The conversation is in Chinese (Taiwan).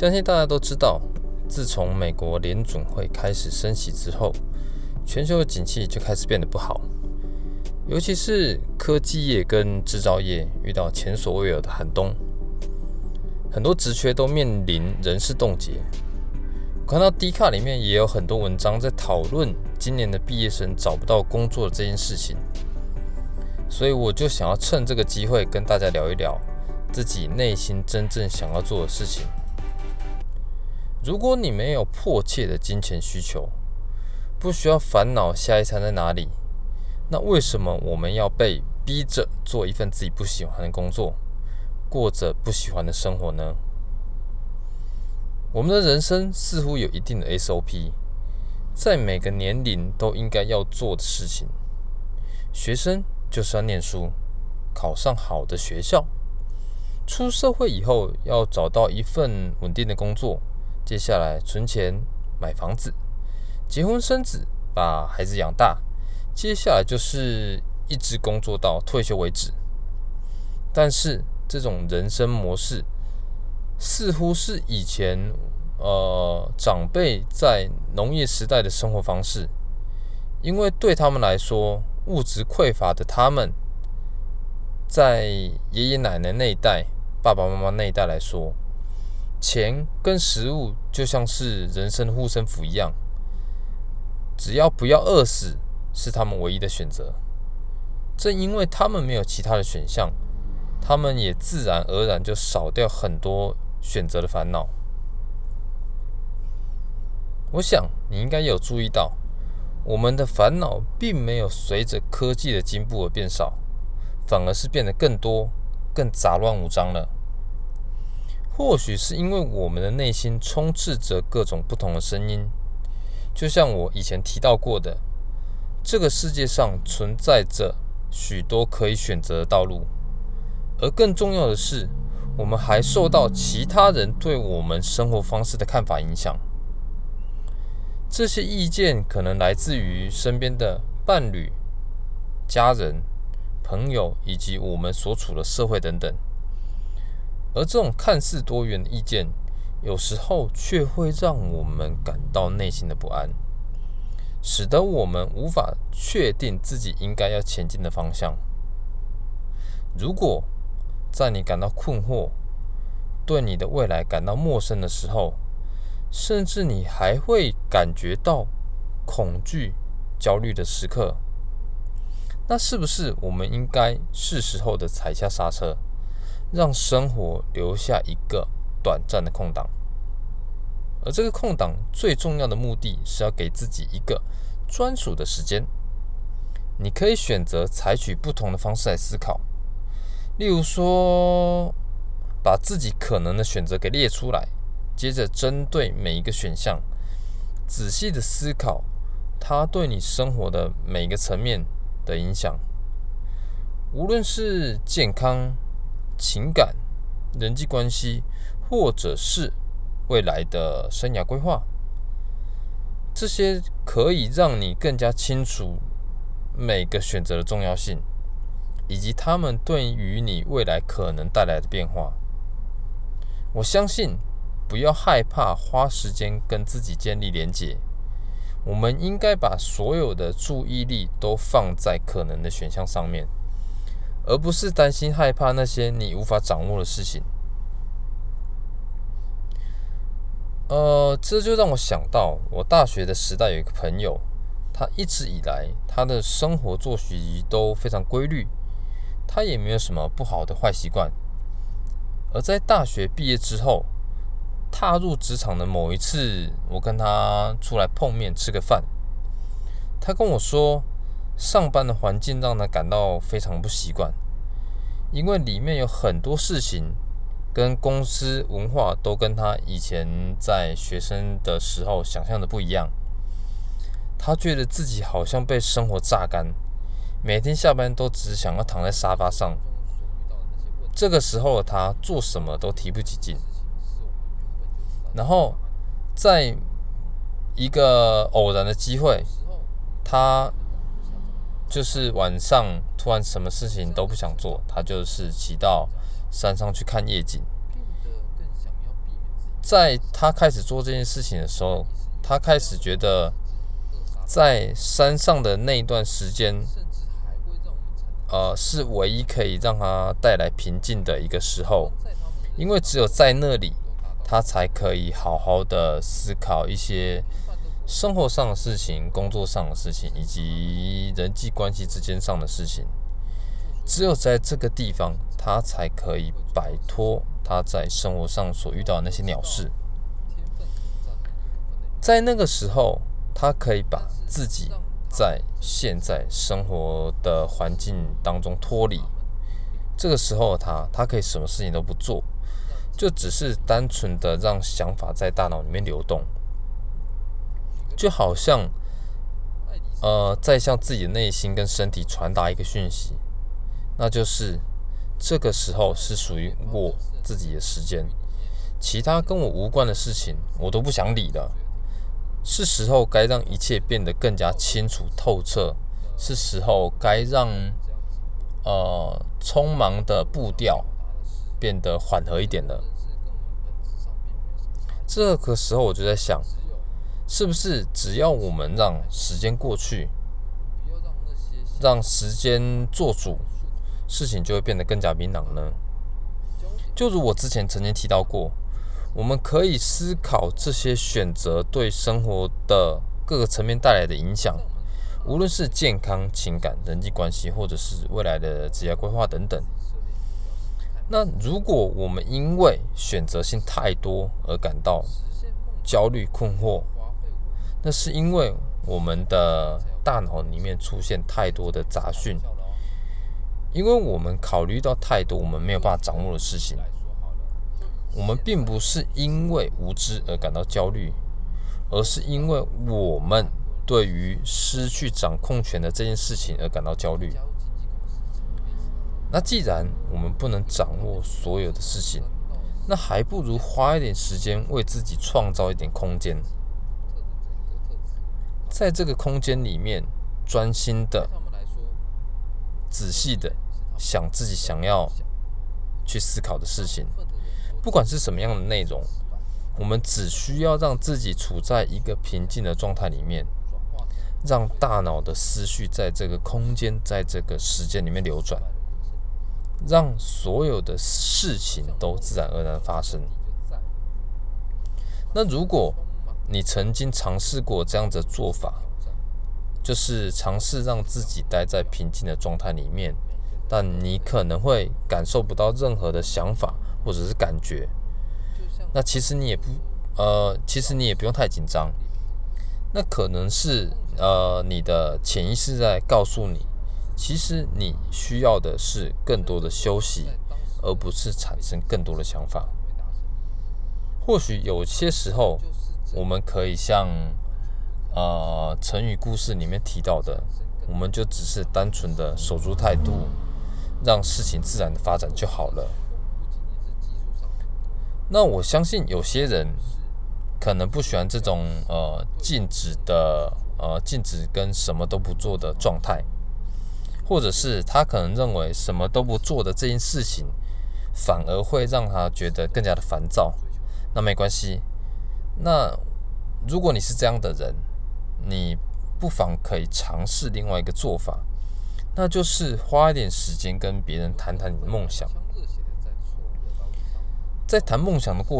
相信大家都知道，自從美國聯準會開始升息之後，全球的景氣就開始變得不好，尤其是科技業跟製造業遇到前所未有的寒冬，很多職缺都面臨人事凍結。我看到 D 卡裡面也有很多文章在討論今年的畢業生找不到工作的這件事情，所以我就想要趁這個機會跟大家聊一聊自己內心真正想要做的事情。如果你沒有迫切的金錢需求，不需要煩惱下一餐在哪裡，那為什麼我們要被逼着做一份自己不喜歡的工作，過着不喜歡的生活呢？我們的人生似乎有一定的 SOP，在每個年齡都應該要做的事情。學生就是要念書，考上好的學校，出社會以後要找到一份穩定的工作。接下來存錢買房子，結婚生子，把孩子養大，接下來就是一直工作到退休為止。但是這種人生模式似乎是以前呃長輩在農業時代的生活方式，因為對他們來說，物質匱乏的他們，在爺爺奶奶那一代、爸爸媽媽那一代來說。錢跟食物就像是人生護身符一樣，只要不要餓死，是他們唯一的選擇。正因為他們沒有其他的選項，他們也自然而然就少掉很多選擇的煩惱。我想你應該有注意到，我們的煩惱並沒有隨着科技的進步而變少，反而是變得更多、更雜亂無章了。或許是因為我們的內心充斥着各種不同的聲音，就像我以前提到過的，這個世界上存在着許多可以選擇的道路。而更重要的是，我們還受到其他人對我們生活方式的看法影響。這些意見可能來自於身邊的伴侶、家人、朋友以及我們所處的社會等等。而這種看似多元的意見，有時候卻會讓我們感到內心的不安，使得我們無法確定自己應該要前進的方向。如果在你感到困惑、對你的未來感到陌生的時候，甚至你還會感覺到恐懼、焦慮的時刻，那是不是我們應該是時候的踩下剎車？讓生活留下一個短暫的空檔，而這個空檔最重要的目的是要給自己一個專屬的時間。你可以選擇採取不同的方式來思考，例如說，把自己可能的選擇給列出來，接着針對每一個選項仔細的思考它對你生活的每一個層面的影響，無論是健康。情感、人際關係，或者是未來的生涯規劃，這些可以讓你更加清楚每個選擇的重要性，以及他們對於你未來可能帶來的變化。我相信，不要害怕花時間跟自己建立連接。我們應該把所有的注意力都放在可能的選項上面，而不是擔心害怕那些你無法掌握的事情，呃，這就讓我想到我大學的時代有一個朋友，他一直以來他的生活作息都非常規律，他也沒有什麼不好的壞習慣，而在大學畢業之後踏入職場的某一次，我跟他出來碰面吃個飯，他跟我說。上班的環境讓他感到非常不習慣，因為裡面有很多事情跟公司文化都跟他以前在學生的時候想象的不一樣。他覺得自己好像被生活榨乾，每天下班都只想要躺在沙發上。這個時候的他做什麼都提不起勁。然後，在一個偶然的機會，他。就是晚上突然什麼事情都不想做，他就是騎到山上去看夜景。在他開始做這件事情的時候，他開始覺得，在山上的那一段時間，呃，是唯一可以讓他帶來平靜的一個時候，因為只有在那裡，他才可以好好的思考一些。生活上的事情、工作上的事情，以及人際關係之間上的事情，只有在這個地方，他才可以擺脫他在生活上所遇到的那些鳥事。在那個時候，他可以把自己在現在生活的環境當中脫離。這個時候他，他他可以什麼事情都不做，就只是單純的讓想法在大腦裡面流動。就好像，呃，在向自己的內心跟身體傳達一個訊息，那就是，這個時候是屬於我自己的時間，其他跟我無關的事情我都不想理了，是時候該讓一切變得更加清楚透徹，是時候該讓，呃，匆忙的步調變得緩和一點了。這個時候我就在想。是不是只要我們讓時間過去，讓時間做主，事情就會變得更加明朗呢？就如我之前曾經提到過，我們可以思考這些選擇對生活的各個層面帶來的影響，無論是健康、情感、人際關係，或者是未來的職業規劃等等。那如果我們因為選擇性太多而感到焦慮、困惑，那是因為我們的大腦裡面出現太多的雜訊，因為我們考慮到太多我們沒有辦法掌握的事情。我們並不是因為無知而感到焦慮，而是因為我們對於失去掌控權的這件事情而感到焦慮。那既然我們不能掌握所有的事情，那還不如花一點時間為自己創造一點空間。在這個空間裡面，專心的、仔細的想自己想要去思考的事情，不管是什麼樣的內容，我們只需要讓自己處在一個平靜的狀態裡面，讓大腦的思緒在這個空間、在這個時間裡面流轉，讓所有的事情都自然而然發生。那如果你曾經嘗試過這樣的做法，就是嘗試讓自己待在平靜的狀態裡面，但你可能會感受不到任何的想法或者是感覺。那其實你也不呃，其實你也不用太緊張。那可能是呃，你的潛意識在告訴你，其實你需要的是更多的休息，而不是產生更多的想法。或許有些時候。我們可以像，呃，成語故事裡面提到的，我們就只是單純的守株待兔，讓事情自然的發展就好了。那我相信有些人可能不喜歡這種呃靜止的呃靜止跟什麼都不做的狀態，或者是他可能認為什麼都不做的這件事情反而會讓他覺得更加的煩躁。那沒關係。那如果你是這樣的人，你不妨可以嘗試另外一個做法，那就是花一點時間跟別人談談你的夢想，在談夢想的過程。